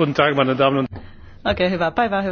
Guten Tag, meine Damen und Oikein hyvää päivää, hyvät